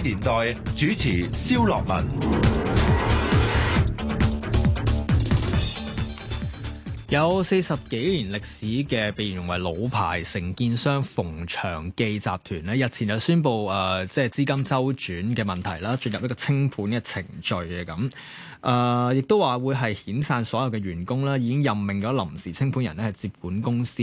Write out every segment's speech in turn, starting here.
年代主持蕭樂文，有四十幾年歷史嘅被認為老牌承建商馮祥記集團日前就宣布誒，即係資金周轉嘅問題啦，進入一個清盤嘅程序嘅咁。誒，亦都話會係遣散所有嘅員工啦，已經任命咗臨時清盤人咧係接管公司。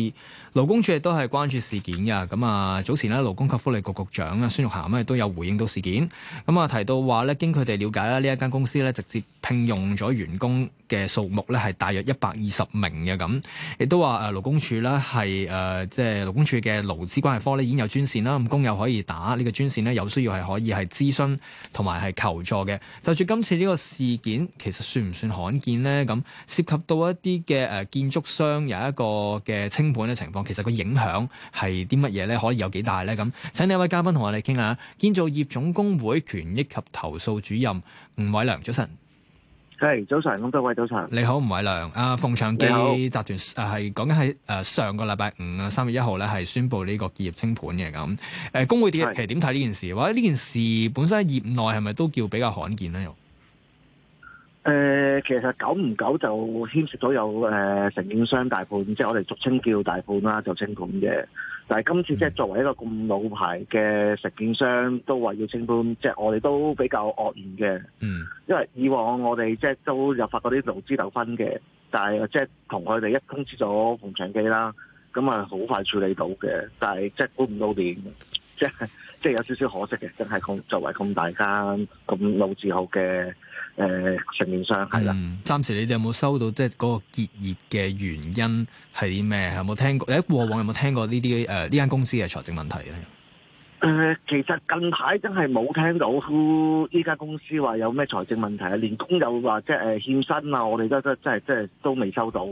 勞工處亦都係關注事件㗎。咁啊，早前咧，勞工及福利局局長咧，孫玉菡咧，都有回應到事件。咁啊，提到話咧，經佢哋了解啦，呢一間公司咧，直接聘用咗員工嘅數目咧，係大約一百二十名嘅咁。亦都話誒，勞工處啦係即係勞工處嘅勞資關係科咧，已經有專線啦，咁工友可以打呢個專線咧，有需要係可以係諮詢同埋係求助嘅。就住今次呢個事件。其實算唔算罕見呢？咁涉及到一啲嘅誒建築商有一個嘅清盤嘅情況，其實個影響係啲乜嘢呢？可以有幾大呢？咁，請呢位嘉賓同我哋傾下，建造業總工會權益及投訴主任吳偉樑，早晨。係早晨，咁多位早晨。你好，吳偉樑。啊、呃，馮祥記好集團係講緊喺誒上個禮拜五啊，三月一號呢係宣佈呢個結業清盤嘅咁。誒、呃，工會點是其實點睇呢件事？或者呢件事本身喺業內係咪都叫比較罕見呢？誒、呃，其實久唔久就牽涉咗有誒、呃、承建商大判，即、就、係、是、我哋俗稱叫大判啦，就清盤嘅。但係今次即係作為一個咁老牌嘅承建商，都話要清盤，即、就、係、是、我哋都比較愕然嘅。嗯，因為以往我哋即都有發過啲勞資糾紛嘅，但係即同佢哋一通知咗馮祥記啦，咁啊好快處理到嘅。但係即係估唔到、就是就是、點，即係即有少少可惜嘅，真係咁作為咁大間咁老字號嘅。誒，層、呃、面上係啦。暫時你哋有冇收到即係嗰個結業嘅原因係啲咩？有冇聽過？喺過往有冇聽過呢啲誒呢間公司嘅財政問題咧？誒，其實近排真係冇聽到呢間公司話有咩財政問題啊，連工友話即係誒欠薪啊，我哋都即即即都真係真係都未收到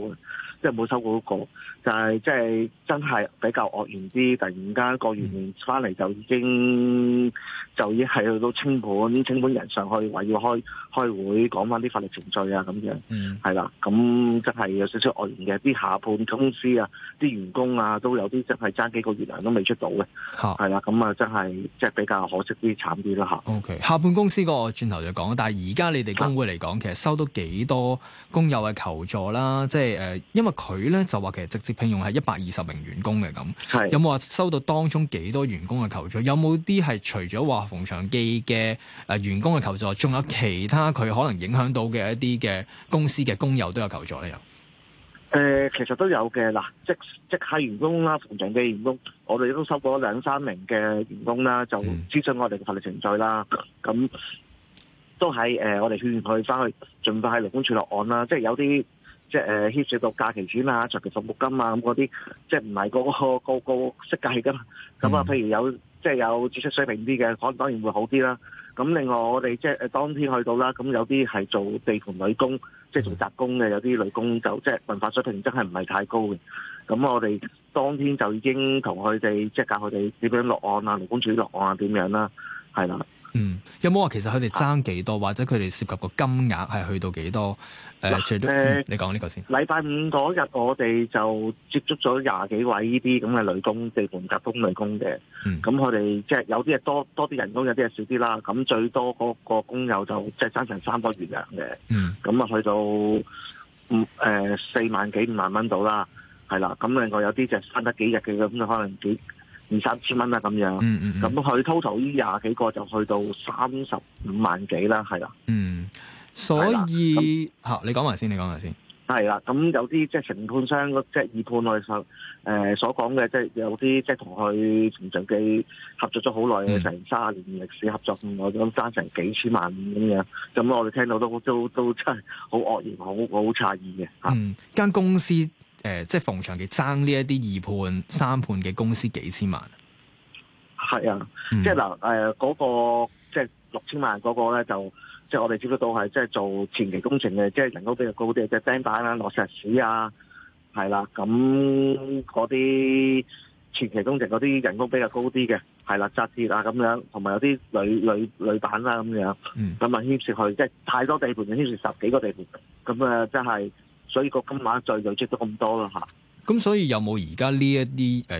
即係冇收過一個就係即係真係比較愕然啲，突然間個月翻嚟就已經就已經係去到清盤，嗯、清盤人上去話要開。開會講返啲法律程序啊，咁樣，係啦、嗯，咁真係有少少惡劣嘅。啲下判公司啊，啲員工啊，都有啲真係爭幾個月啊，都未出到嘅。嚇哈，係啦，咁啊，真係即係比較可惜啲、慘啲啦。嚇。O K. 下判公司個我轉頭就現在講，但係而家你哋工會嚟講，其實收到幾多工友嘅求助啦？即係誒，因為佢咧就話其實直接聘用係一百二十名員工嘅咁。係。是有冇話收到當中幾多員工嘅求助？有冇啲係除咗話馮祥記嘅誒、呃、員工嘅求助，仲有其他？佢可能影響到嘅一啲嘅公司嘅工友都有求助咧，你有誒，嗯、其實都有嘅嗱，即即係員工啦，同場嘅員工，我哋都收過兩三名嘅員工啦，就諮詢我哋嘅法律程序啦，咁都喺誒、呃，我哋勸佢翻去儘快喺勞工處落案啦，即係有啲即係誒牽涉到假期錢啊、長期服務金啊咁嗰啲，即係唔係個個個個識計㗎嘛。咁啊，譬如有。即係有知識水平啲嘅，可當然會好啲啦。咁另外我哋即係當天去到啦，咁有啲係做地盤女工，即係做雜工嘅，有啲女工就即係文化水平真係唔係太高嘅。咁我哋當天就已經同佢哋即係教佢哋點樣落案啊，勞工處落案啊，點樣啦。係啦，嗯，有冇話其實佢哋爭幾多，或者佢哋涉及個金額係去到幾多？誒，你講呢個先。禮拜五嗰日我哋就接觸咗廿幾位呢啲咁嘅女工、地盤及工女工嘅。咁佢哋即係有啲係多多啲人工，有啲係少啲啦。咁最多嗰個工友就即係爭成三個月糧嘅。咁啊、嗯，咁就去到五誒、呃、四萬幾五萬蚊到啦。係啦，咁另外有啲就爭得幾日嘅，咁就可能幾。二三千蚊啦咁樣，咁佢 total 呢廿幾個就去到三十五萬幾啦，係啦。嗯，所以嚇、哦，你講埋先，你講埋先。係啦，咁有啲即係承判商，即係二判內上誒所講嘅，即、呃、係、就是、有啲即係同佢馮祥記合作咗好耐嘅，成卅年歷史合作咁爭成幾千萬咁樣，咁我哋聽到都都都真係好愕然，好好詫異嘅嚇。嗯，間公司。誒、呃，即係馮祥記爭呢一啲二判、三判嘅公司幾千萬，係啊，嗯、即係嗱，誒、呃、嗰、那個即係六千萬嗰個咧，就即係我哋接得到係即係做前期工程嘅，即係人工比較高啲即係釘板啊、落石屎啊，係啦、啊，咁嗰啲前期工程嗰啲人工比較高啲嘅，係啦、啊，紮鐵啊咁樣，同埋有啲鋁鋁鋁板啦咁樣，咁啊牽涉去即係太多地盤嘅，牽涉十幾個地盤，咁啊即係。呃。所以個金額再累積咗咁多咯嚇。咁所以有冇而家呢一啲誒二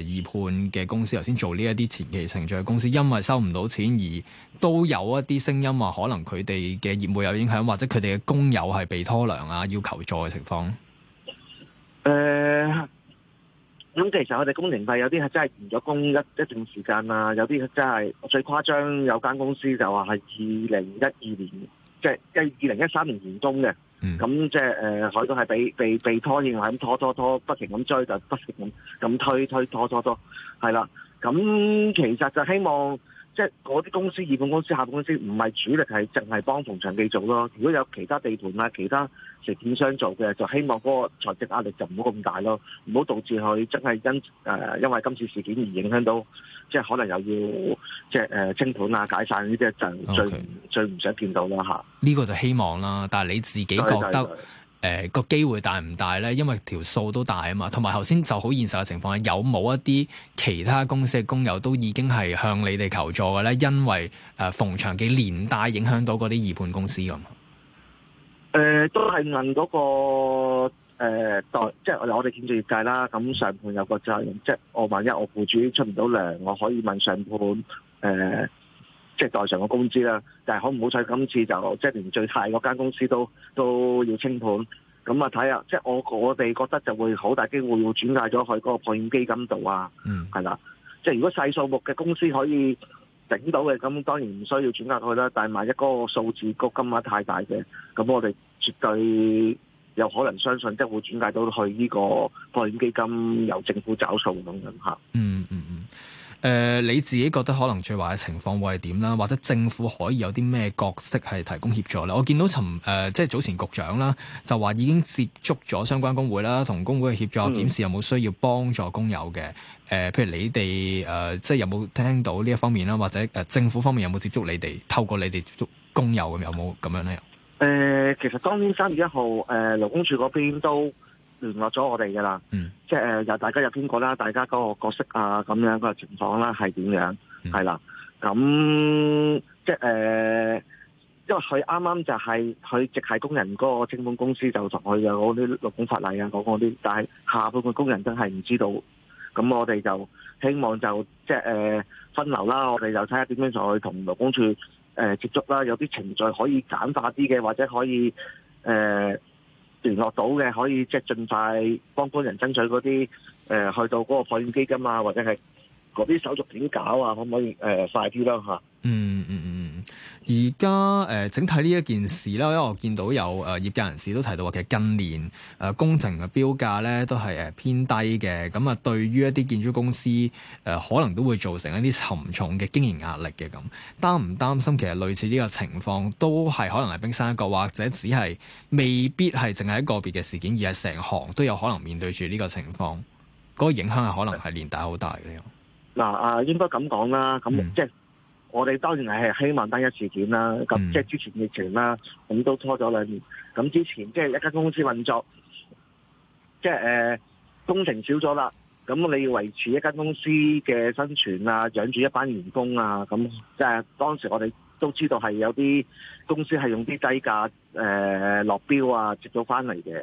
判嘅公司，頭先做呢一啲前期程序嘅公司，因為收唔到錢而都有一啲聲音話，可能佢哋嘅業務有影響，或者佢哋嘅工友係被拖糧啊，要求助嘅情況？誒、呃，咁其實我哋工程費有啲係真係完咗工一一段時間啊，有啲真係最誇張有間公司就話係二零一二年，即係計二零一三年完工嘅。咁 即係、呃、海哥係被被被拖住，係、就、咁、係、拖拖拖，不停咁追，就不停咁咁推推拖拖拖，係啦。咁其實就希望。即係嗰啲公司二本公司、下本公司唔係主力，係淨係幫馮祥記做咯。如果有其他地盤啊、其他食店商做嘅，就希望嗰個財政壓力就唔好咁大咯，唔好導致佢真係因誒、呃、因為今次事件而影響到，即係可能又要即係誒、呃、清盤啊、解散呢啲就最 Okay. 最唔想見到啦嚇。呢個就希望啦，但係你自己覺得？對對對對。誒，個機、呃、會大唔大呢？因為條數都大啊嘛，同埋頭先就好現實嘅情況係，有冇一啲其他公司嘅工友都已經係向你哋求助嘅呢？因為誒、呃，馮祥記嘅連帶影響到嗰啲二判公司啊誒、呃，都係問嗰、那個誒代、呃，即係我哋建設業界啦。咁上判有個責任，即係我萬一我僱主出唔到糧，我可以問上判誒。呃即係代上個工資啦，但係好唔好彩今次就即係連最泰嗰間公司都都要清盤，咁啊睇下，即係我我哋覺得就會好大機會轉介咗去嗰個破欠基金度啊，係啦、嗯，即係如果細數目嘅公司可以整到嘅，咁當然唔需要轉介佢啦。但係萬一個個數字個金額太大嘅，咁我哋絕對有可能相信即係會轉介到去呢個破欠基金由政府找數咁樣嗯嗯。嗯誒、呃、你自己覺得可能最壞嘅情況會係點啦？或者政府可以有啲咩角色係提供協助咧？我見到尋誒、呃、即係早前局長啦，就話已經接觸咗相關工會啦，同工會嘅協助檢視、嗯、有冇需要幫助工友嘅。誒、呃，譬如你哋誒、呃、即係有冇聽到呢一方面啦？或者誒、呃、政府方面有冇接觸你哋？透過你哋接觸工友咁有冇咁樣咧？誒、呃，其實當年三月一號，誒勞工處嗰邊都。聯絡咗我哋噶啦，嗯、即係又大家有聽過啦，大家嗰個角色啊咁樣、嗰個情況啦係點樣，係啦、嗯，咁即係誒、呃，因為佢啱啱就係、係、佢直係工人嗰個清盤公司就同佢有啲勞工法例啊講嗰啲，但係下半個工人真係唔知道，咁我哋就希望就即係誒、呃、分流啦，我哋就睇下點樣再去同勞工處誒、呃、接觸啦，有啲程序可以簡化啲嘅，或者可以誒。呃聯絡到嘅可以即係盡快幫工人爭取嗰啲誒，去到嗰個保險基金啊，或者係嗰啲手續點搞啊，可唔可以誒快啲咯嚇？嗯嗯。而家誒整體呢一件事啦，因為我見到有誒、呃、業界人士都提到話，其實近年誒、呃、工程嘅標價咧都係偏低嘅，咁啊對於一啲建築公司誒、呃、可能都會造成一啲沉重嘅經營壓力嘅咁。擔唔擔心其實類似呢個情況都係可能係冰山一角，或者只係未必係淨係一個別嘅事件，而係成行都有可能面對住呢個情況，嗰、那個影響係可能係連帶好大嘅。嗱、啊，啊應該咁講啦，咁即係我哋當然係希望單一事件啦，咁即係之前疫情啦，咁都拖咗兩年。咁之前即係一間公司運作，即係誒工程少咗啦，咁你要維持一間公司嘅生存啊，養住一班員工啊，咁即係當時我哋都知道係有啲公司係用啲低價誒、呃、落標啊，接咗翻嚟嘅。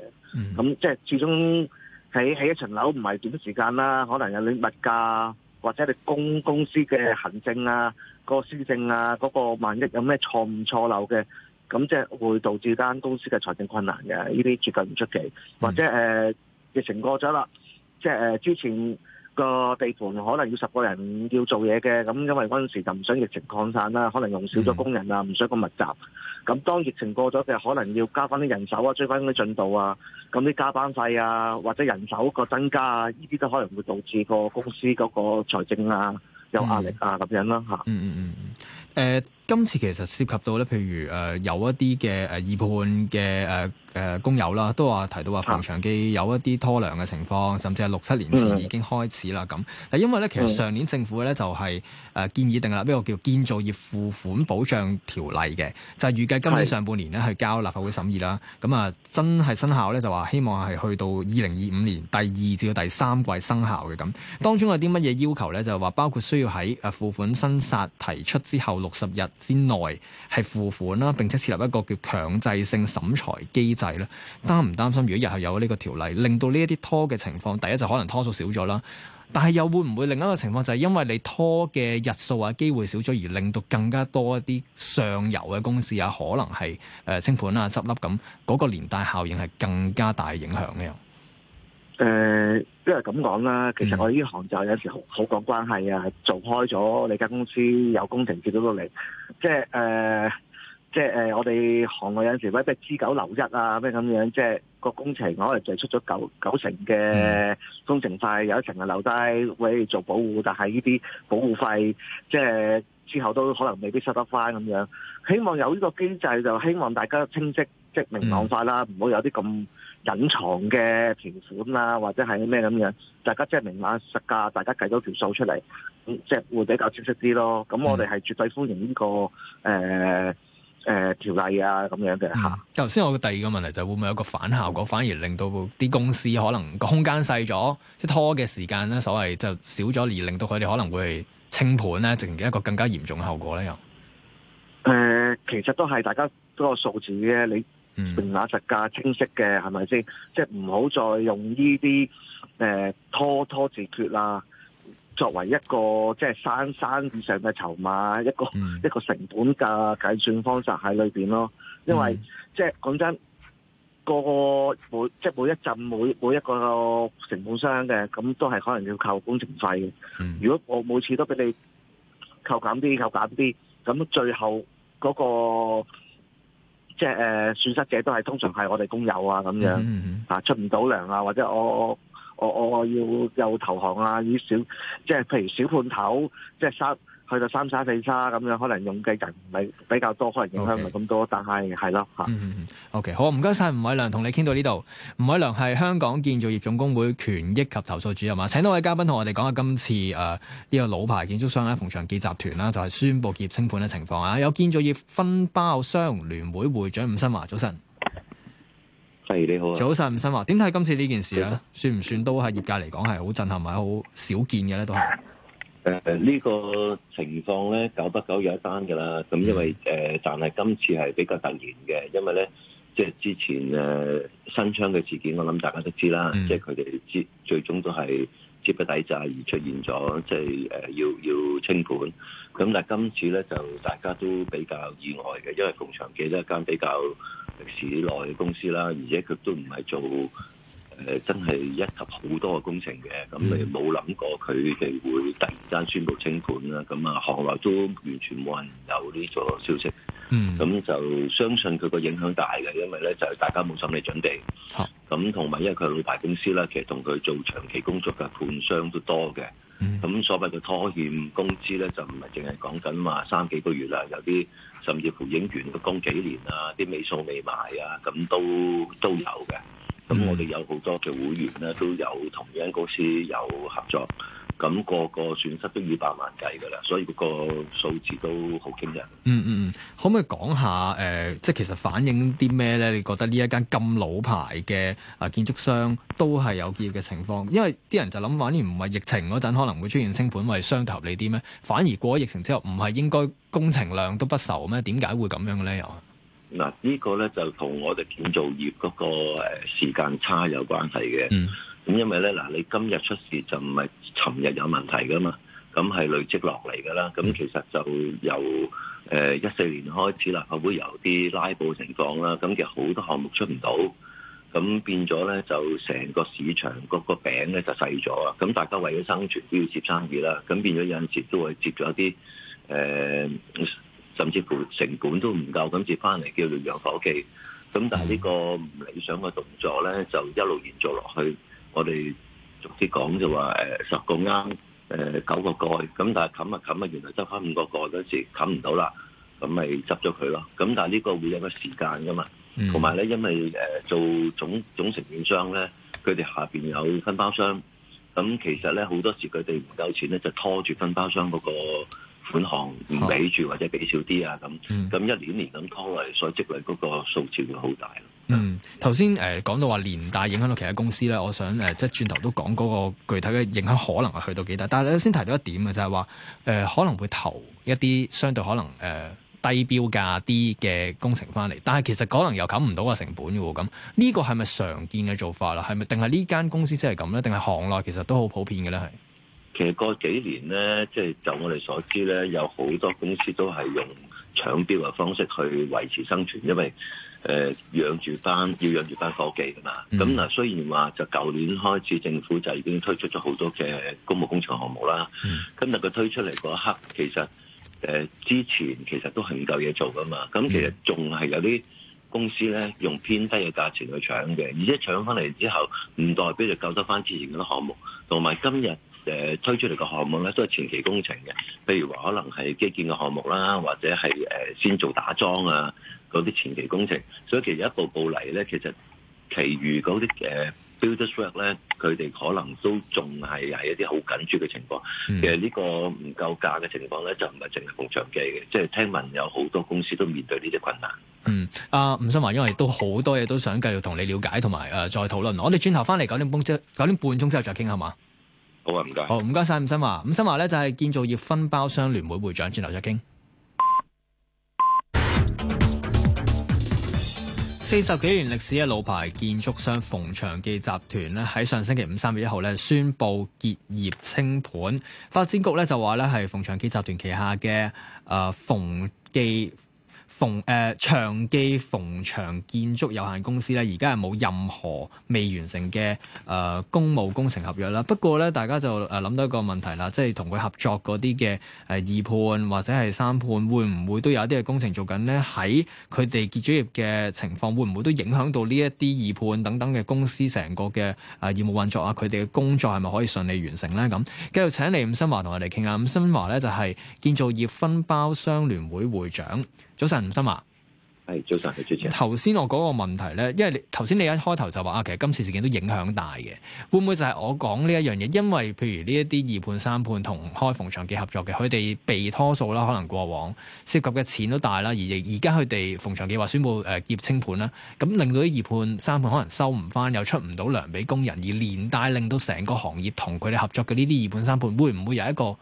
咁即係始終喺起一層樓唔係短時間啦，可能有啲物價。或者你公公司嘅行政啊、嗰個施政啊、嗰、嗰個萬一有咩錯誤錯漏嘅，咁即係會導致間公司嘅財政困難嘅，呢啲絕對唔出奇。嗯、或者誒疫情過咗啦，即係誒之前。個地盤可能要十個人要做嘢嘅，咁因為嗰陣時就唔想疫情擴散啦，可能用少咗工人啊，唔想咁密集。咁當疫情過咗嘅，可能要加翻啲人手啊，追翻啲進度啊，咁啲加班費啊，或者人手個增加啊，呢啲都可能會導致個公司嗰個財政啊有壓力啊咁樣啦，嚇嗯嗯嗯。嗯嗯誒、呃，今次其實涉及到咧，譬如誒、呃，有一啲嘅誒，二判嘅誒誒工友啦，都話提到話，馮祥記有一啲拖糧嘅情況，甚至係六七年前已經開始啦咁。嗱，因為咧，其實上年政府咧就係、是、誒建議訂立呢、這個叫建造業付款保障條例嘅，就係、是、預計今年上半年咧去交立法會審議啦。咁啊，真係生效咧，就話希望係去到二零二五年第二至到第三季生效嘅咁。當中有啲乜嘢要求咧？就係話包括需要喺誒付款申殺提出之後。六十日之內係付款啦，並且設立一個叫強制性審裁機制啦，擔唔擔心？如果日後有呢個條例，令到呢一啲拖嘅情況，第一就可能拖數少咗啦，但係又會唔會另一個情況就係、是、因為你拖嘅日數啊機會少咗，而令到更加多一啲上游嘅公司啊，可能係誒清盤啊執笠咁，嗰、那個連帶效應係更加大影響嘅。誒、呃，因為咁講啦，其實我哋呢行就有時好講關係啊，嗯、做開咗你間公司有工程接到到嚟，即係誒、呃，即係誒、呃，我哋行內有陣時咩咩支九留一啊，咩咁樣，即係個工程可能就出咗九九成嘅工程費，有一成係留低，為做保護，但係呢啲保護費，即係之後都可能未必收得翻咁樣。希望有呢個機制，就希望大家清晰。即明朗化啦，唔好有啲咁隱藏嘅條款啦，或者係咩咁樣，大家即係明碼實價，大家計咗條數出嚟，即係會比較清晰啲咯。咁、嗯、我哋係絕對歡迎呢、這個誒誒、呃呃、條例啊咁樣嘅嚇。頭先、嗯、我嘅第二個問題就係會唔會有一個反效果，反而令到啲公司可能個空間細咗，即係拖嘅時間咧，所謂就少咗，而令到佢哋可能會清盤咧，呈現一個更加嚴重嘅後果咧，又。誒，其實都係大家嗰個數字嘅你。明碼實價清晰嘅係咪先？即係唔好再用呢啲誒拖拖字訣啊，作為一個即係生以上嘅籌碼，一個、嗯、一個成本價計算方式喺裏邊咯。因為即係講真，個、嗯、每即係每,、就是、每一陣每每一個成本商嘅，咁都係可能要扣工程費嘅。嗯、如果我每次都俾你扣減啲扣減啲，咁最後嗰、那個。即係誒損失者都係通常係我哋工友啊，咁樣，啊出唔到糧啊，或者我我我我要又投降啊啲小，即係譬如小判頭，即係生。去到三沙四沙咁樣，可能用嘅人唔咪比較多，可能影響唔係咁多，Okay. 但係係咯嚇。嗯嗯、o、okay, k 好唔該晒。吳偉樑，同你傾到呢度。吳偉樑係香港建造業總工會權益及投訴主任啊。請多位嘉賓同我哋講下今次誒呢、呃這個老牌建築商咧，馮祥記集團啦，就係、是、宣布業清盤嘅情況啊。有建造業分包商聯會會,會長伍新華，早晨。係你好、啊。早晨，伍新華，點睇今次呢件事啊？的算唔算都係業界嚟講係好震撼，或者好少見嘅呢？都係。誒，呢、呃這個情況咧，久不久有一單噶啦。咁因為誒、嗯呃，但係今次係比較突然嘅，因為咧，即係之前誒、呃，新昌嘅事件，我諗大家都知啦，嗯、即係佢哋接最終都係資不抵債而出現咗，即係誒、呃、要要清盤。咁但係今次咧，就大家都比較意外嘅，因為馮祥記得一間比較歷史耐嘅公司啦，而且佢都唔係做。誒，真係一級好多嘅工程嘅，咁你冇諗過佢哋會突然間宣布清盤啦？咁啊、嗯，嗯、行業都完全冇人有呢個消息。嗯，咁就相信佢個影響大嘅，因為咧就係大家冇心理準備。好、啊，咁同埋因為佢係老牌公司啦，其實同佢做長期工作嘅判商都多嘅。咁、嗯、所謂嘅拖欠工資咧，就唔係淨係講緊話三幾個月啦，有啲甚至乎影員都供幾年啊，啲尾數未埋啊，咁都都有嘅。咁我哋有好多嘅會員咧，都有同呢間公司有合作，咁個個損失都以百萬計㗎啦，所以個數字都好驚人。嗯嗯嗯，可唔可以講下誒，即係其實反映啲咩咧？你覺得呢一間咁老牌嘅啊建築商都係有結業嘅情況，因為啲人就諗，反而唔係疫情嗰陣可能會出現升盤，為雙頭你啲咩？反而過咗疫情之後，唔係應該工程量都不愁咩？點解會咁樣嘅咧？又？嗱，呢個咧就同我哋建造業嗰個誒時間差有關係嘅。咁、嗯、因為咧，嗱你今日出事就唔係尋日有問題噶嘛，咁係累積落嚟㗎啦。咁其實就由誒一四年開始啦，會有啲拉布情況啦。咁其實好多項目出唔到，咁變咗咧就成個市場嗰個餅咧就細咗啦。咁大家為咗生存都要接生意啦，咁變咗有陣時都會接咗一啲誒。呃甚至乎成本都唔夠，咁接翻嚟叫做養火機，咁但係呢個唔理想嘅動作咧，就一路延續落去。我哋逐啲講就話誒十個煲誒九個蓋，咁但係冚啊冚啊，原來執翻五個蓋嗰時冚唔到啦，咁咪執咗佢咯。咁但係呢個會有個時間噶嘛，同埋咧因為誒做總總承建商咧，佢哋下邊有分包商，咁其實咧好多時佢哋唔夠錢咧，就拖住分包商嗰、嗰個。本行唔俾住或者俾少啲啊，咁咁、嗯、一年一年咁拖嚟所積累嗰個數字會好大。嗯，頭先誒講到話連帶影響到其他公司咧，我想誒即係轉頭都講嗰個具體嘅影響可能係去到幾大。但係你先提到一點嘅就係話誒可能會投一啲相對可能誒、呃、低標價啲嘅工程翻嚟，但係其實可能又冚唔到個成本嘅喎。咁呢個係咪常見嘅做法啦？係咪定係呢間公司先係咁咧？定係行內其實都好普遍嘅咧？係。其實過幾年咧，即係就我哋所知咧，有好多公司都係用搶標嘅方式去維持生存，因為誒、呃、養住班要養住班夥計㗎嘛。咁嗱，雖然話就舊年開始政府就已經推出咗好多嘅公務工程項目啦，嗯、今日佢推出嚟嗰一刻，其實誒、呃、之前其實都係唔夠嘢做噶嘛。咁其實仲係有啲公司咧，用偏低嘅價錢去搶嘅，而且搶翻嚟之後，唔代表就救得翻之前嗰啲項目，同埋今日。誒推出嚟嘅項目咧，都係前期工程嘅。譬如話，可能係基建嘅項目啦，或者係誒先做打樁啊嗰啲前期工程。所以其實一步步嚟咧，其實其餘嗰啲誒 builder work 咧，佢哋可能都仲係係一啲好緊張嘅情況。嗯、其實呢個唔夠價嘅情況咧，就唔係淨係馮祥記嘅。即係聽聞有好多公司都面對呢啲困難。嗯，阿、呃、伍新華，因為都好多嘢都想繼續同你了解，同埋誒再討論。我哋轉頭翻嚟九點半鐘，九點半鐘之後再傾，係嘛？好啊，唔該。好，唔該晒，伍新華。伍新華咧就係建造業分包商聯會會長，轉頭再傾。四十幾年歷史嘅老牌建築商馮祥記集團咧，喺上星期五三月一號咧宣布結業清盤。發展局咧就話咧係馮祥記集團旗下嘅誒馮記。馮誒、呃、祥記馮祥建築有限公司咧，而家係冇任何未完成嘅公、呃、務工程合約啦。不過咧，大家就誒諗到一個問題啦，即係同佢合作嗰啲嘅二判或者係三判，會唔會都有一啲嘅工程做緊呢？喺佢哋結業嘅情況，會唔會都影響到呢一啲二判等等嘅公司成個嘅誒、呃、業務運作啊？佢哋嘅工作係咪可以順利完成呢？咁，繼續請嚟伍新華同我哋傾下。伍新華咧就係、是、建造業分包商聯會會、會長。早晨，吳生啊，係早晨，係主持人。頭先我講個問題咧，因為你頭先你一開頭就話啊，其實今次事件都影響大嘅，會唔會就係我講呢一樣嘢？因為譬如呢一啲二判三判同開馮祥記合作嘅，佢哋被拖數啦，可能過往涉及嘅錢都大啦，而而家佢哋馮祥記話宣布誒結清盤啦，咁令到啲二判三判可能收唔翻，又出唔到糧俾工人，而連帶令到成個行業同佢哋合作嘅呢啲二判三判，會唔會有一個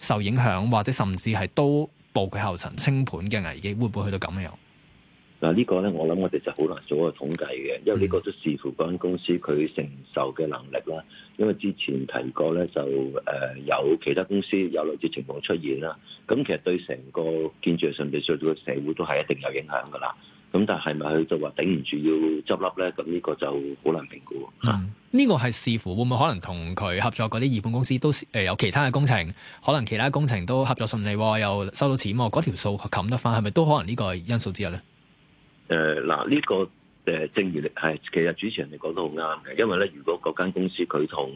受影響，或者甚至係都。步佢後塵清盤嘅危機會唔會去到咁樣？嗱，呢個咧我諗我哋就好難做一個統計嘅，因為呢個都視乎嗰間公司佢承受嘅能力啦。因為之前提過咧，就誒、呃、有其他公司有類似情況出現啦。咁其實對成個建築甚至上到個社會都係一定有影響㗎啦。咁但係咪佢就話頂唔住要執笠咧？咁呢個就好難評估。嗯，呢、這個係視乎會唔會可能同佢合作嗰啲二本公司都誒有其他嘅工程，可能其他工程都合作順利，哦，又收到錢，哦，嗰條數冚得翻，係咪都可能呢個因素之一咧？誒、呃，嗱，呢個。誒，正如係，其實主持人你講得好啱嘅，因為咧，如果嗰間公司佢同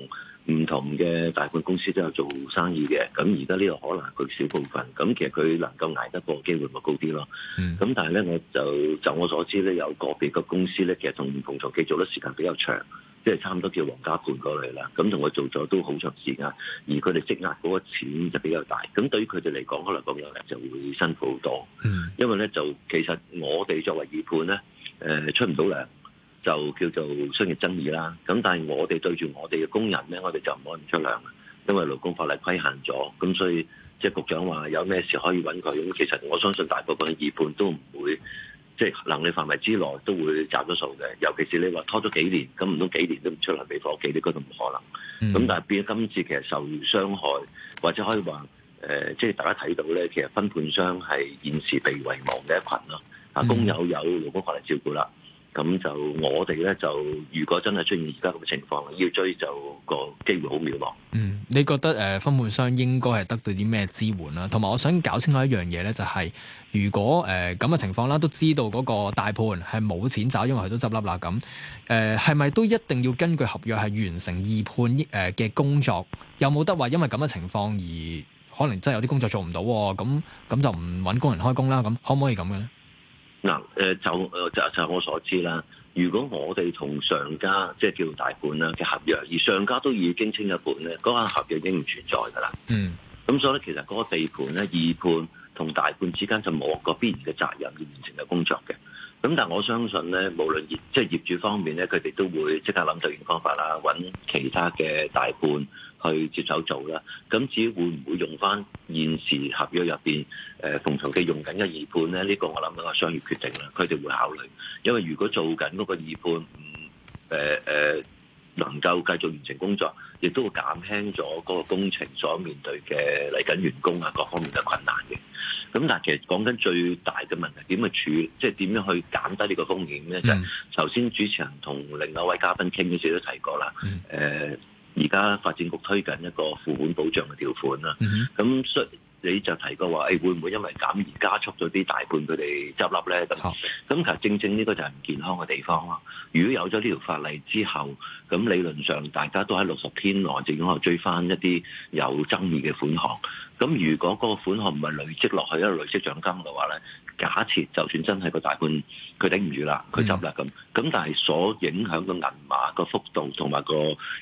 唔同嘅大盤公司都有做生意嘅，咁而家呢個可能佢少部分，咁其實佢能夠捱得過機會咪高啲咯。咁、mm. 但係咧，我就就我所知咧，有個別嘅公司咧，其實同馮祥記做得時間比較長，即係差唔多叫皇家盤過嚟啦。咁同我做咗都好長時間，而佢哋積壓嗰個錢就比較大。咁對於佢哋嚟講，可能咁樣咧就會辛苦好多。Mm. 因為咧，就其實我哋作為預判咧。誒出唔到糧，就叫做商業爭議啦。咁但係我哋對住我哋嘅工人咧，我哋就唔可以唔出糧，因為勞工法例規限咗。咁所以即係局長話有咩事可以揾佢。咁其實我相信大部分二判都唔會，即係能力範圍之內都會找咗數嘅。尤其是你話拖咗幾年，咁唔通幾年都唔出糧俾夥計？你覺得唔可能。咁、mm. 但係變今次其實受傷害或者可以話、呃、即係大家睇到咧，其實分判商係現時被遺忘嘅一群咯。工友、嗯、有,有老公過嚟照顧啦，咁就我哋咧就如果真係出現而家咁嘅情況，要追究就個機會好渺茫。嗯，你覺得誒，分判商應該係得到啲咩支援啦？同埋，我想搞清楚一樣嘢咧，就係如果誒咁嘅情況啦，都知道嗰個大判係冇錢找，因為佢都執笠啦。咁誒，係、呃、咪都一定要根據合約係完成二判誒嘅、呃、工作？有冇得話因為咁嘅情況而可能真係有啲工作做唔到？咁咁就唔搵工人開工啦？咁可唔可以咁嘅咧？嗱，就就就我所知啦。如果我哋同上家即係、就是、叫大判啦嘅合約，而上家都已經清咗盤咧，嗰、那個合約已經唔存在噶啦。嗯，咁所以咧，其實嗰個地盤咧，二判同大判之間就冇個必然嘅責任去完成嘅工作嘅。咁但我相信咧，無論即係、就是、業主方面咧，佢哋都會即刻諗就完方法啦，揾其他嘅大判。去接手做啦，咁至於會唔會用翻現時合約入面誒馮祥記用緊嘅二判咧？呢、這個我諗緊個商業決定啦，佢哋會考慮。因為如果做緊嗰個二判，唔、嗯、誒、呃呃、能夠繼續完成工作，亦都會減輕咗嗰個工程所面對嘅嚟緊員工啊各方面嘅困難嘅。咁但其實講緊最大嘅問題，點去處，即係點樣去減低呢個風險咧？嗯、就係頭先主持人同另外一位嘉賓傾嘅時都提過啦，呃而家發展局推緊一個付款保障嘅條款啦，咁、嗯、哼所以你就提過話，誒、欸、會唔會因為減而加速咗啲大判佢哋執笠咧？咁咁好其實正正呢個就係唔健康嘅地方咯。如果有咗呢條法例之後，咁理論上大家都喺六十天內就已經可以追翻一啲有爭議嘅款項。咁如果嗰個款項唔係累積落去，因為累積漲金嘅話咧？假設就算真係個大盤，佢頂唔住啦，佢執啦咁，咁但係所影響個銀碼個幅度同埋個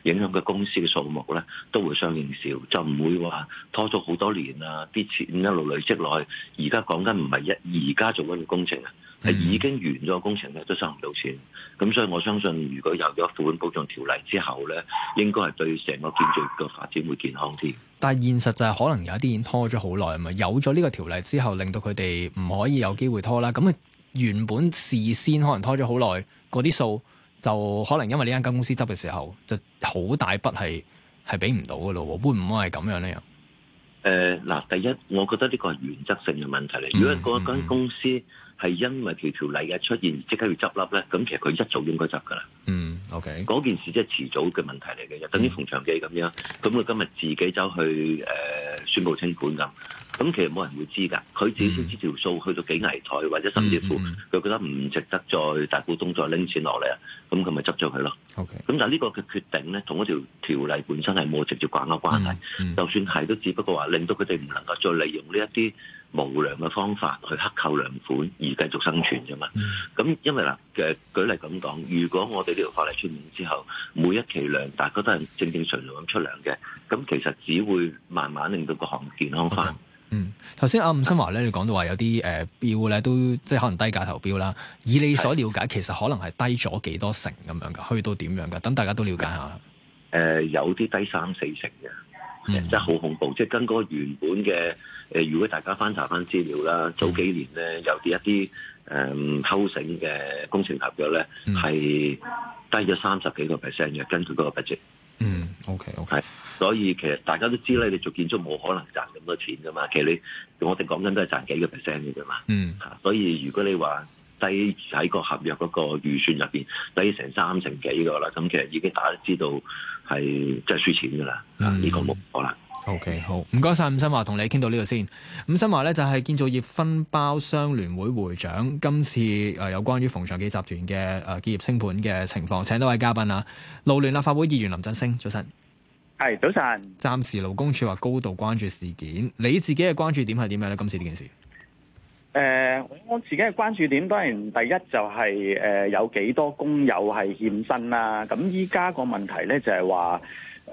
影響嘅公司嘅數目咧，都會相應少，就唔會話拖咗好多年啊！啲錢一路累積落去，而家講緊唔係一而家做緊嘅工程啊。已經完咗工程咧，都收唔到錢。咁所以我相信，如果有咗付款保障條例之後咧，應該係對成個建築嘅發展會健康啲。但係現實就係可能有一啲已經拖咗好耐啊嘛。有咗呢個條例之後，令到佢哋唔可以有機會拖啦。咁原本事先可能拖咗好耐，嗰啲數就可能因為呢間公司執嘅時候，就好大筆係係俾唔到噶咯喎。會唔會係咁樣呢？誒嗱、呃，第一，我覺得呢個係原則性嘅問題嚟。如果嗰間公司係因為條條例嘅出現而即刻要執笠咧，咁其實佢一早應該執噶啦。嗯，OK，嗰件事即係遲早嘅問題嚟嘅，就等於馮祥記咁樣，咁佢今日自己走去誒、呃、宣佈清盤咁。咁其實冇人會知㗎，佢至少知條數去到幾危殆，或者甚至乎佢覺得唔值得再大股東再拎錢落嚟啊，咁佢咪執咗佢咯。咁 Okay. 但呢個嘅決定咧，同嗰條條例本身係冇直接掛鈎關係，mm hmm. 就算係都只不過話令到佢哋唔能夠再利用呢一啲無良嘅方法去克扣糧款而繼續生存啫嘛。咁因為嗱嘅舉例咁講，如果我哋呢條法例出現之後，每一期糧大家都係正正常常咁出糧嘅，咁其實只會慢慢令到個行健康翻。嗯，頭先阿伍新華咧，你講到話有啲誒、呃、標咧，都即係可能低價投標啦。以你所了解，是其實可能係低咗幾多成咁樣噶，去到點樣噶？等大家都了解一下。誒、呃，有啲低三四成嘅，真係好恐怖。即係跟嗰個原本嘅誒、呃，如果大家翻查翻資料啦，早幾年咧有啲一啲誒、呃、偷省嘅工程合約咧，係、嗯、低咗三十幾個 percent 嘅，跟住個 budget。嗯，OK OK，所以其實大家都知咧，你做建築冇可能賺咁多錢噶嘛。其實你我哋講緊都係賺幾個 percent 嘅啫嘛。嗯，吓，所以如果你話低喺個合約嗰個預算入邊低成三成幾噶啦，咁其實已經大家都知道係即係輸錢噶啦。啊、嗯，呢個冇可能。O.K. 好，唔該晒。伍新華，同你傾到呢度先。伍新華咧就係建造業分包商聯會會長，今次誒有關於馮祥記集團嘅誒企業清盤嘅情況，請多位嘉賓啊。勞聯立法會議員林振昇，早晨。係，早晨。暫時勞工處話高度關注事件，你自己嘅關注點係點樣咧？今次呢件事？誒、呃，我自己嘅關注點當然第一就係、是、誒、呃、有幾多工友係欠薪啦、啊。咁依家個問題咧就係話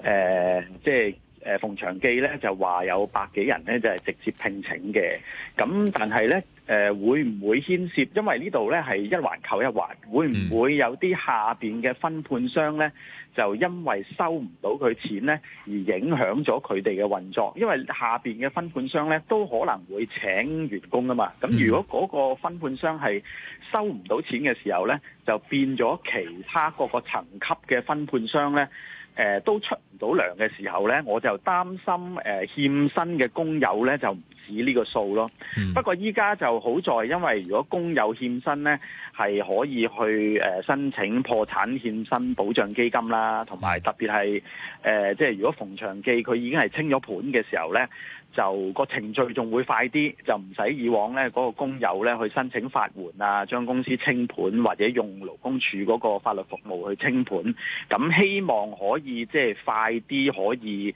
誒，即、呃、係。就是誒馮、呃、祥記咧就話有百幾人咧就係、是、直接聘請嘅，咁但係咧誒會唔會牽涉？因為呢度咧係一環扣一環，會唔會有啲下邊嘅分判商咧就因為收唔到佢錢咧而影響咗佢哋嘅運作？因為下邊嘅分判商咧都可能會請員工啊嘛，咁如果嗰個分判商係收唔到錢嘅時候咧，就變咗其他各個層級嘅分判商咧。誒、呃、都出唔到糧嘅時候呢，我就擔心誒、呃、欠薪嘅工友呢就唔止呢個數咯。嗯、不過依家就好在，因為如果工友欠薪呢，係可以去、呃、申請破產欠薪保障基金啦，同埋特別係誒、呃、即係如果馮祥記佢已經係清咗盤嘅時候呢。就、那個程序仲會快啲，就唔使以往咧嗰、那個工友咧去申請法援啊，將公司清盤或者用勞工處嗰個法律服務去清盤。咁、啊、希望可以即係快啲可以誒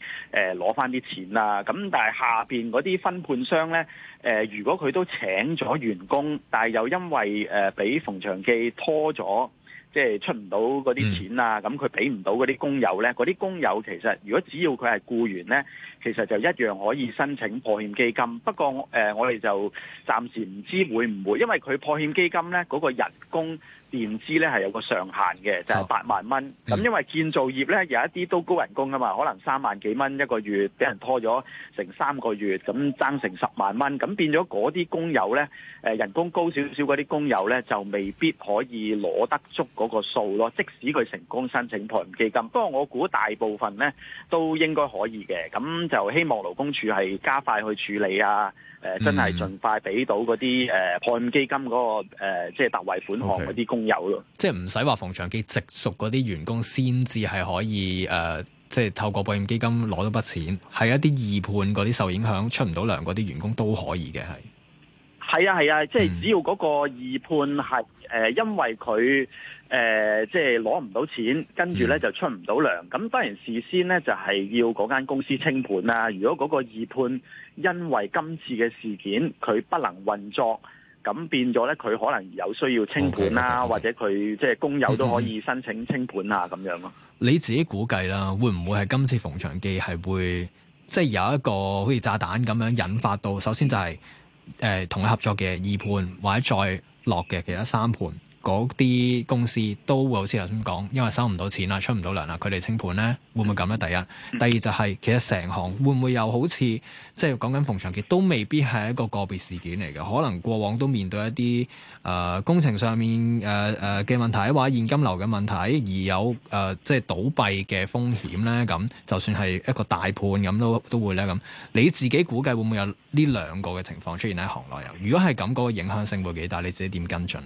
攞翻啲錢啊！咁但係下邊嗰啲分判商咧，誒、呃、如果佢都請咗員工，但係又因為誒俾馮祥記拖咗，即係出唔到嗰啲錢、mm. 啊，咁佢俾唔到嗰啲工友咧，嗰啲工友其實如果只要佢係僱員咧。其實就一樣可以申請破欠基金，不過誒、呃，我哋就暫時唔知會唔會，因為佢破欠基金呢嗰、那個人工墊資呢係有個上限嘅，就係、是、八萬蚊。咁因為建造業呢，有一啲都高人工啊嘛，可能三萬幾蚊一個月，俾人拖咗成三個月，咁爭成十萬蚊，咁變咗嗰啲工友呢，呃、人工高少少嗰啲工友呢，就未必可以攞得足嗰個數咯。即使佢成功申請破欠基金，不過我估大部分呢，都應該可以嘅。咁就希望勞工處係加快去處理啊！誒，真係盡快俾到嗰啲誒保險基金嗰、那個、呃、即係特惠款項嗰啲工友咯。Okay. 即係唔使話馮祥記直屬嗰啲員工先至係可以誒、呃，即係透過保險基金攞到筆錢，係一啲二判嗰啲受影響出唔到糧嗰啲員工都可以嘅係？係啊，係啊，即係只要嗰個二判係誒，因為佢誒、呃、即係攞唔到錢，跟住咧就出唔到糧。咁當然事先咧就係、是、要嗰間公司清盤啦。如果嗰個二判因為今次嘅事件佢不能運作，咁變咗咧佢可能有需要清盤啦，okay, okay, okay. 或者佢即係工友都可以申請清盤啊，咁、嗯、樣咯。你自己估計啦，會唔會係今次馮祥記係會即係、就是、有一個好似炸彈咁樣引發到？首先就係、是。誒，同佢合作嘅二判或者再落嘅其他三判。嗰啲公司都會好似頭先講，因為收唔到錢啦，出唔到糧啦，佢哋清盤咧會唔會咁咧？第一，第二就係、是、其實成行會唔會有好似即係講緊馮祥記都未必係一個個別事件嚟嘅，可能過往都面對一啲、呃、工程上面嘅問題，或者現金流嘅問題而有即係、呃就是、倒閉嘅風險咧。咁就算係一個大判咁都都會咧。咁你自己估計會唔會有呢兩個嘅情況出現喺行內？如果係咁，嗰、那個影響性會幾大？你自己點跟進？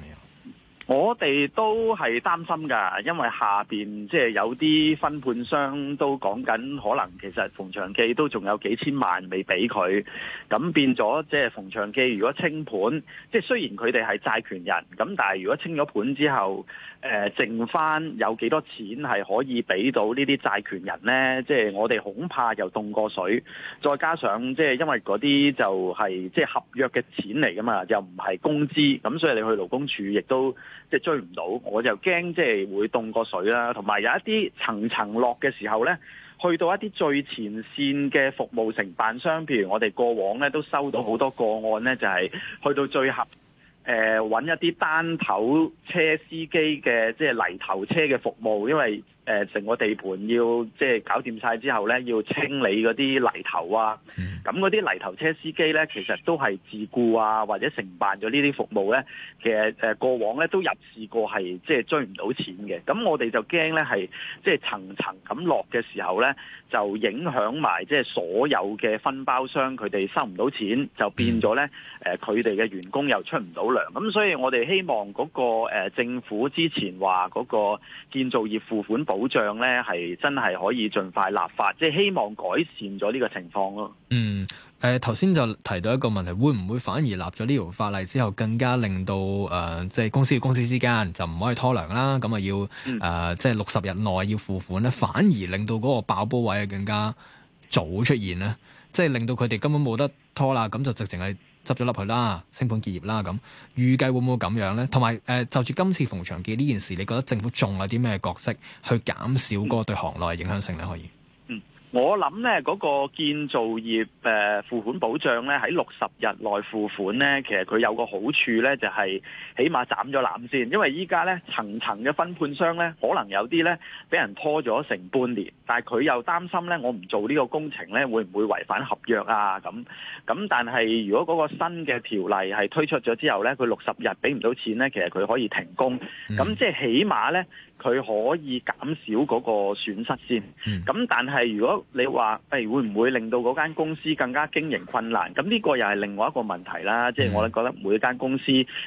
我哋都係擔心㗎，因為下面即係有啲分判商都講緊，可能其實馮祥記都仲有幾千萬未俾佢，咁變咗即係馮祥記如果清盤，即係雖然佢哋係債權人，咁但係如果清咗盤之後，誒、呃、剩翻有幾多錢係可以俾到呢啲債權人呢？即、就、係、是、我哋恐怕又凍過水，再加上即係因為嗰啲就係即係合約嘅錢嚟㗎嘛，又唔係工資，咁所以你去勞工處亦都。即係追唔到，我就驚即係會凍過水啦。同埋有一啲層層落嘅時候呢，去到一啲最前線嘅服務承辦商，譬如我哋過往呢都收到好多個案呢就係、是、去到最後誒，揾一啲單頭車司機嘅即係泥頭車嘅服務，因為。誒成個地盤要即係搞掂晒之後咧，要清理嗰啲泥頭啊，咁嗰啲泥頭車司機咧，其實都係自僱啊，或者承辦咗呢啲服務咧，其實誒過往咧都入市過係即係追唔到錢嘅，咁我哋就驚咧係即係層層咁落嘅時候咧，就影響埋即係所有嘅分包商佢哋收唔到錢，就變咗咧誒佢哋嘅員工又出唔到糧，咁所以我哋希望嗰個政府之前話嗰個建造業付款。保障呢係真係可以盡快立法，即係希望改善咗呢個情況咯。嗯，誒頭先就提到一個問題，會唔會反而立咗呢條法例之後，更加令到誒、呃、即係公司與公司之間就唔可以拖糧啦？咁啊要誒、呃、即係六十日內要付款呢，反而令到嗰個爆煲位更加早出現呢？即係令到佢哋根本冇得拖啦，咁就直情係。執咗落去啦，清盤結業啦咁，預計會唔會咁樣呢？同埋、呃、就住今次馮祥記呢件事，你覺得政府仲有啲咩角色去減少嗰個對行內影響性呢？可以。我諗呢嗰、嗰個建造業誒付款保障呢，喺六十日內付款呢，其實佢有個好處呢，就係、係、起碼斬咗纜線。因為依家呢層層嘅分判商呢，可能有啲呢俾人拖咗成半年，但係佢又擔心呢，我唔做呢個工程呢，會唔會違反合約啊？咁咁，但係如果嗰個新嘅條例係推出咗之後呢，佢六十日俾唔到錢呢，其實佢可以停工，咁即係起碼呢。佢可以減少嗰個損失先，咁、嗯、但係如果你話誒會唔會令到嗰間公司更加經營困難？咁呢個又係另外一個問題啦。即係、嗯、我哋覺得每一間公司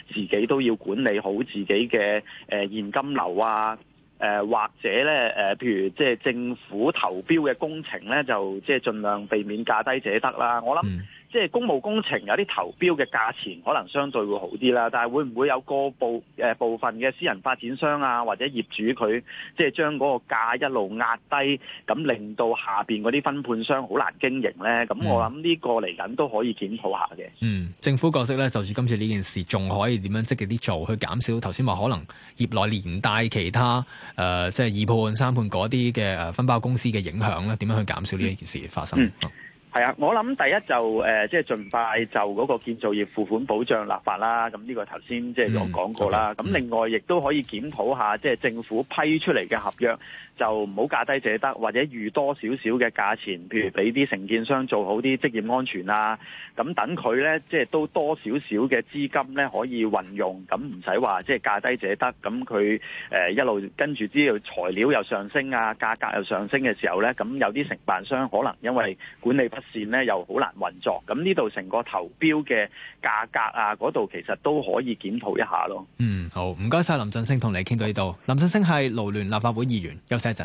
自己都要管理好自己嘅誒、呃、現金流啊，誒、呃、或者呢，誒、呃，譬如即係政府投標嘅工程呢，就即係盡量避免價低者得啦。我諗、嗯。即係公務工程有啲投標嘅價錢可能相對會好啲啦，但係會唔會有個部誒、部分嘅私人發展商啊，或者業主佢即係將嗰個價一路壓低，咁令到下邊嗰啲分判商好難經營咧？咁我諗呢個嚟緊都可以檢討下嘅。嗯，政府角色咧，就住今次呢件事仲可以點樣積極啲做，去減少頭先話可能業內連帶其他誒、即係二判三判嗰啲嘅誒分包公司嘅影響咧？點樣去減少呢一件事發生？嗯係啊，我諗第一就誒，即係盡快就嗰個建造業付款保障立法啦。咁呢個頭先即係有講過啦。咁、嗯、另外亦都可以檢討下，即係政府批出嚟嘅合約。就唔好價低者得，或者預多少少嘅價錢，譬如俾啲承建商做好啲職業安全啊，咁等佢呢，即係都多少少嘅資金呢，可以運用，咁唔使話即係價低者得，咁佢一路跟住啲料材料又上升啊，價格又上升嘅時候呢，咁有啲承辦商可能因為管理不善呢，又好難運作，咁呢度成個投標嘅價格啊，嗰度其實都可以檢討一下咯。嗯，好，唔該晒。林振昇同你傾到呢度。林振昇係勞聯立法會議員。